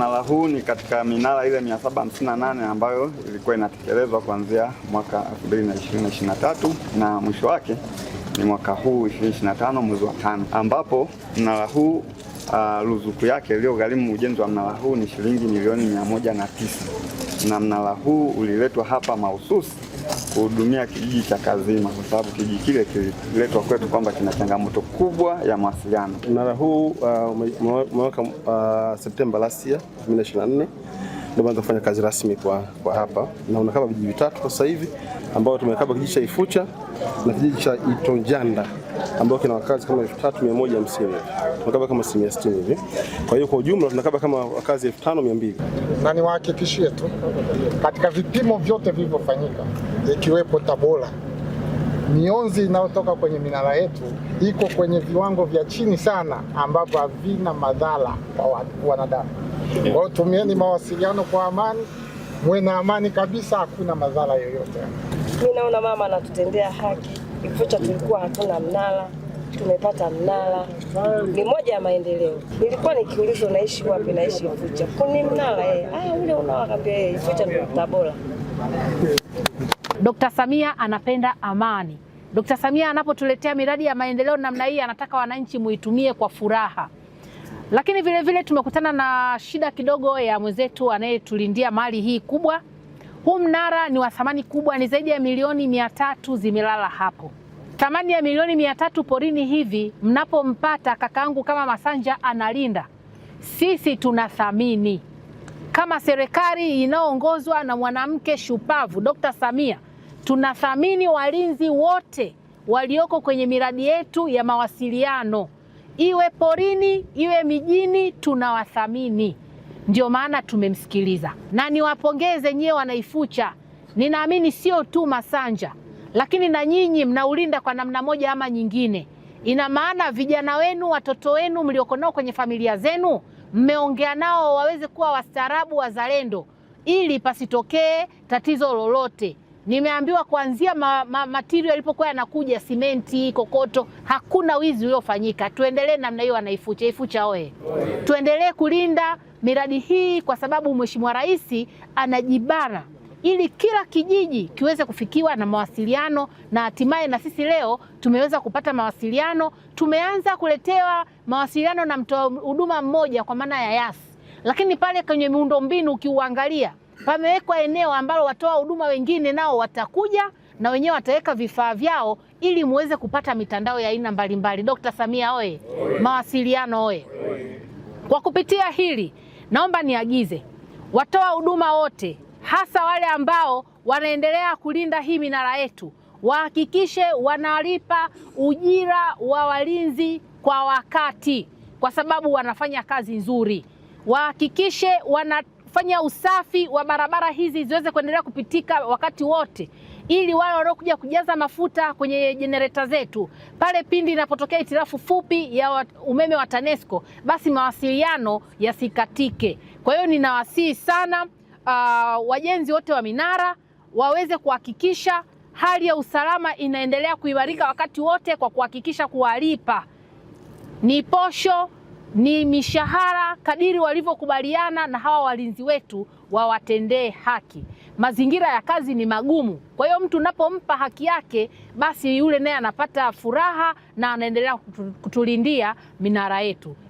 Mnara huu ni katika minara ile 758 ambayo ilikuwa inatekelezwa kuanzia mwaka 2023 na mwisho wake ni mwaka huu 2025 mwezi wa tano, ambapo mnara huu uh, ruzuku yake iliyogharimu ujenzi wa mnara huu ni shilingi milioni 109 na mnara huu uliletwa hapa mahususi kuhudumia kijiji cha Kazima kwa sababu kijiji kile kililetwa kwetu kwamba kina changamoto kubwa ya mawasiliano. Mnara huu uh, mwaka uh, Septemba last year 2024 ndio mwanzo kufanya kazi rasmi kwa, kwa hapa na unakaba vijiji vitatu kwa sasa hivi ambao tumekaba kijiji cha Ifucha na kijiji cha Itonjanda ambao kina wakazi kama 3150 tunakaba kama 60 hivi. Kwa hiyo kwa ujumla tunakaba kama wakazi 5200. Na niwahakikishie tu katika vipimo vyote vilivyofanyika ikiwepo Tabora, mionzi inayotoka kwenye minara yetu iko kwenye viwango vya chini sana, ambavyo havina madhara kwa wanadamu. Kwa hiyo tumieni mawasiliano kwa amani, muwe na amani kabisa, hakuna madhara yoyote. Mimi naona mama anatutendea haki. Ikifucha tulikuwa hatuna mnara, tumepata mnara, ni moja ya maendeleo. Nilikuwa nikiulizwa naishi wapi, naishi Ifucha, kuni mnara eh. Ah, ule unawakambia eh, ni Tabora. Dkt. Samia anapenda amani. dokta Samia anapotuletea miradi ya maendeleo namna hii, anataka wananchi muitumie kwa furaha. Lakini vilevile vile tumekutana na shida kidogo ya mwenzetu anayetulindia mali hii kubwa huu mnara ni wa thamani kubwa, ni zaidi ya milioni mia tatu zimelala hapo. Thamani ya milioni mia tatu porini hivi, mnapompata kakaangu kama Masanja analinda, sisi tunathamini kama serikali inayoongozwa na mwanamke shupavu Dr. Samia, tunathamini walinzi wote walioko kwenye miradi yetu ya mawasiliano, iwe porini, iwe mijini, tunawathamini ndio maana tumemsikiliza, na niwapongeze nyewe wanaifucha. Ninaamini sio tu Masanja, lakini na nyinyi mnaulinda kwa namna moja ama nyingine. Ina maana vijana wenu, watoto wenu mlioko nao kwenye familia zenu, mmeongea nao waweze kuwa wastaarabu, wazalendo, ili pasitokee tatizo lolote. Nimeambiwa kuanzia ma, ma, material ilipokuwa yanakuja simenti, kokoto, hakuna wizi uliofanyika. Tuendelee namna hiyo, anaifucha ifucha oe. Tuendelee kulinda miradi hii kwa sababu Mheshimiwa Rais anajibana ili kila kijiji kiweze kufikiwa na mawasiliano, na hatimaye na sisi leo tumeweza kupata mawasiliano. Tumeanza kuletewa mawasiliano na mtoa huduma mmoja kwa maana ya Yas, lakini pale kwenye miundombinu ukiuangalia pamewekwa eneo ambalo watoa huduma wengine nao watakuja na wenyewe wataweka vifaa vyao ili muweze kupata mitandao ya aina mbalimbali. Dkt. Samia oye! Mawasiliano oye! Kwa kupitia hili, naomba niagize watoa huduma wote, hasa wale ambao wanaendelea kulinda hii minara yetu, wahakikishe wanalipa ujira wa walinzi kwa wakati, kwa sababu wanafanya kazi nzuri. Wahakikishe wana fanya usafi wa barabara hizi ziweze kuendelea kupitika wakati wote, ili wale wanaokuja kujaza mafuta kwenye jenereta zetu pale, pindi inapotokea itirafu fupi ya umeme wa TANESCO, basi mawasiliano yasikatike. Kwa hiyo ninawasihi sana uh, wajenzi wote wa minara waweze kuhakikisha hali ya usalama inaendelea kuimarika wakati wote kwa kuhakikisha kuwalipa ni posho ni mishahara kadiri walivyokubaliana na hawa walinzi wetu wawatendee haki. Mazingira ya kazi ni magumu, kwa hiyo mtu unapompa haki yake, basi yule naye anapata furaha na anaendelea kutulindia minara yetu.